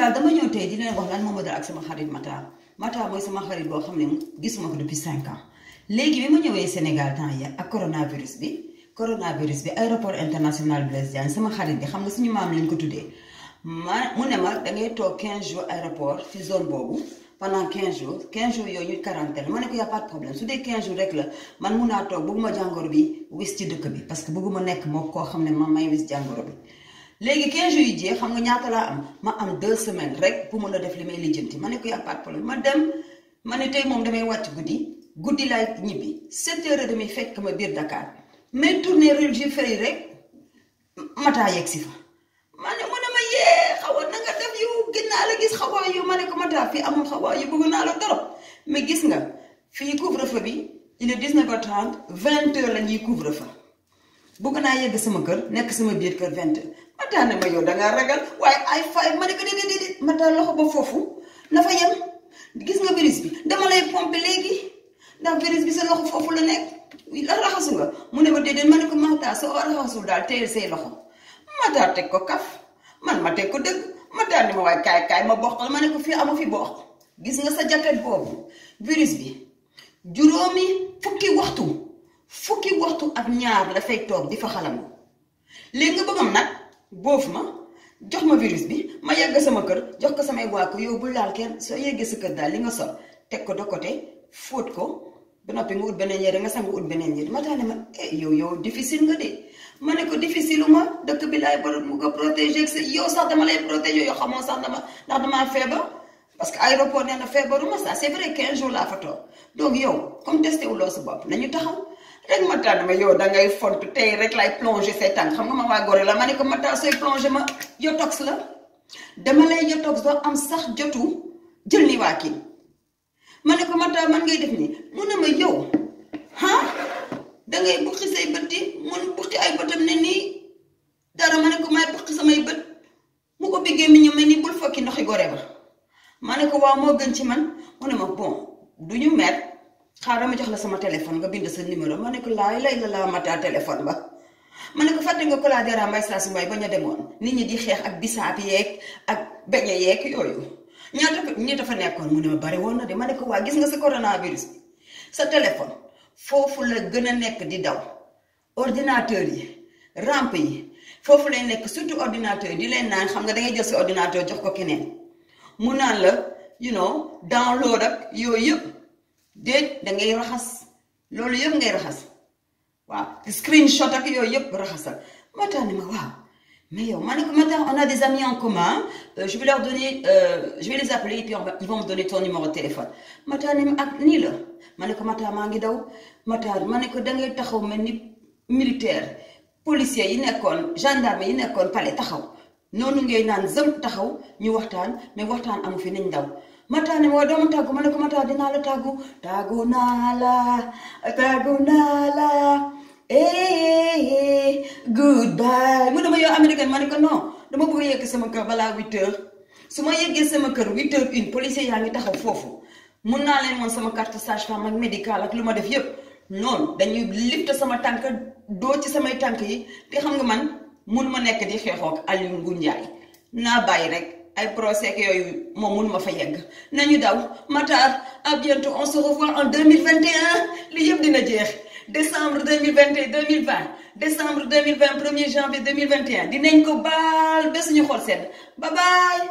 daal dama ñëw tey di leen wax lan moo ma dal ak sama xarit Matar Matar mooy sama xarit boo xam ne gisuma ko depuis cinq ans léegi bi ma ñëwee Sénégal temps yi ak coronavirus bi coronavirus bi aéroport international Blaise sama xarit bi xam nga suñu maam lañ ko tuddee ma mu ne ma da ngay toog 15 jours aéroport ci boobu pendant 15 jours yooyu ñu quarantaine ma ne ko y' a pas de problème su dee 15 jours rek la man mun naa toog bëgguma jàngoro bi wis ci dëkk parce que bëgguma nekk moo koo xam ne ma may wis léegi 15 jours yi jeex xam nga ñaata laa am ma am deux semaines rek bu mën a def li may lijjanti ma ne ko y a pas ma dem ma ne tey moom damay wàcc guddi guddi laay ñibbi 7 heures et demie fekk ma biir Dakar mais tournée rue Jules Ferry rek mataa yegg si fa. ma ne ma ne ma yee xawa na nga def yu ginnaa la gis xawaa ma ne ko mataa fii amul xawaa yu bëgg naa la trop mais gis nga fii couvre-feu bi il est 19h30 20h la ñuy couvre-feu. bëgg naa yegg sama kër nekk sama biir kër vingt heures mataa ne ma yow da ngaa ragal waaye ay fay ma ne ko déedéet déedéet mataa loxo ba foofu na fa yem gis nga virus bi dama lay pomper léegi ndax virus bi sa loxo foofu la nekk la raxasu nga mu ne ma déedéet ma ne ko mataa soo raxasul daal téyel say loxo mataa teg ko kaf man ma teg ko dëgg mataa ne ma waaye kaay kaay ma boqal ma ne ko fii amu fi boq gis nga sa jaket boobu virus bi juróomi fukki waxtu. fukki waxtu ak ñaar dafay toog di fa xalamu léegi nga bëggam nag boof ma jox ma virus bi ma yegg sama kër jox ko samay waa kër yow bu laal kenn soo yeggee sa kër daal li nga sol teg ko de côté fóot ko ba noppi nga ut beneen yére nga sangu ut beneen yére ma daal ne ma eh, yow yow difficile nga de ma ne ko difficile ma dëkk bi laay bari mu ko protéger ak sa yow sax dama lay protéger yow xamoon sax dama ndax damaa feebar parce que aéroport nee na feebaruma sax c'est vrai 15 yow comme testé wu loo sa bopp rek Matta dama yow da ngay font tey rek lay plongé say tànk xam nga ma waa Gorée la ma ne ko Matta sooy plongé ma yotox la dama lay yotox doo am sax jotu jël ni waa kii ma ne ko Matta man ngay def nii mu ne ma yow ah da ngay buqi say bët yi mun buqi ay bëtam ne nii dara ma ne ko may buqi samay bët mu ko biggee mi ñu mel ni bul fokki ndoxi Gorée ba ma ne ko waaw moo gën ci man mu a ma bon du ñu mer. xaaral ma jox la sama téléphone nga bind sa numéro ma ne ko laay lay la laa mataa téléphone ba ma ne ko fàtte nga ko laa dera mbay saa su mbay ba ñu demoon nit ñi di xeex ak bisaab yeeg ak beñe yeeg yooyu ñaata ñi dafa nekkoon mu ne ma bari woon na de ma ne ko waa gis nga sa coronavirus bi sa téléphone foofu la gën a nekk di daw ordinateur yi ramp yi foofu lay nekk surtout ordinateur yi di leen naan xam nga dangay jël sa ordinateur jox ko keneen mu naan la you know download yëpp déet da ngay raxas loolu yëpp ngay raxas waaw screenshot ak yooyu yëpp raxasal Matar ne ma waaw mais yow ma ne ko Matar on a des amis en commun euh, je vais leur donner euh, je vais les appeler et puis me donner ne ma ak ah, ma ne ko Matar maa ngi daw Matar ma ne ko da ngay taxaw mel ni militaire policier yi nekkoon gendarme yi nekkoon palais taxaw noonu ngay naan zëm taxaw ñu waxtaan mais waxtaan amu fi nañ daw. mataani moo ma doo ma tàggu ma ne ko mataa dinaa la tàggu tàggu naa la tàggu naa la eh, eh goodbye mu ne ma yow ma ne ko non dama bëgg a yegg sama kër balaa huit heures su ma yeggee sama kër huit heures une policier yaa ngi taxaw foofu mun naa leen woon sama carte sage ak médical ak lu ma def yëpp noonu dañuy lifte sama tànk doo ci samay tànk yi te xam nga man mun ma nekk di xeexoo ak Aliou Ngunjaay naa bàyyi rek. ay procès yooyu moom mun ma fa yegg nañu daw Matar à bientôt on se revoit en deux mille vingt et un li yëpp dina jeex décembre deux mille vingt deux mille vingt premier janvier deux mille vingt un dinañ ko baal ba suñu xol sedd bye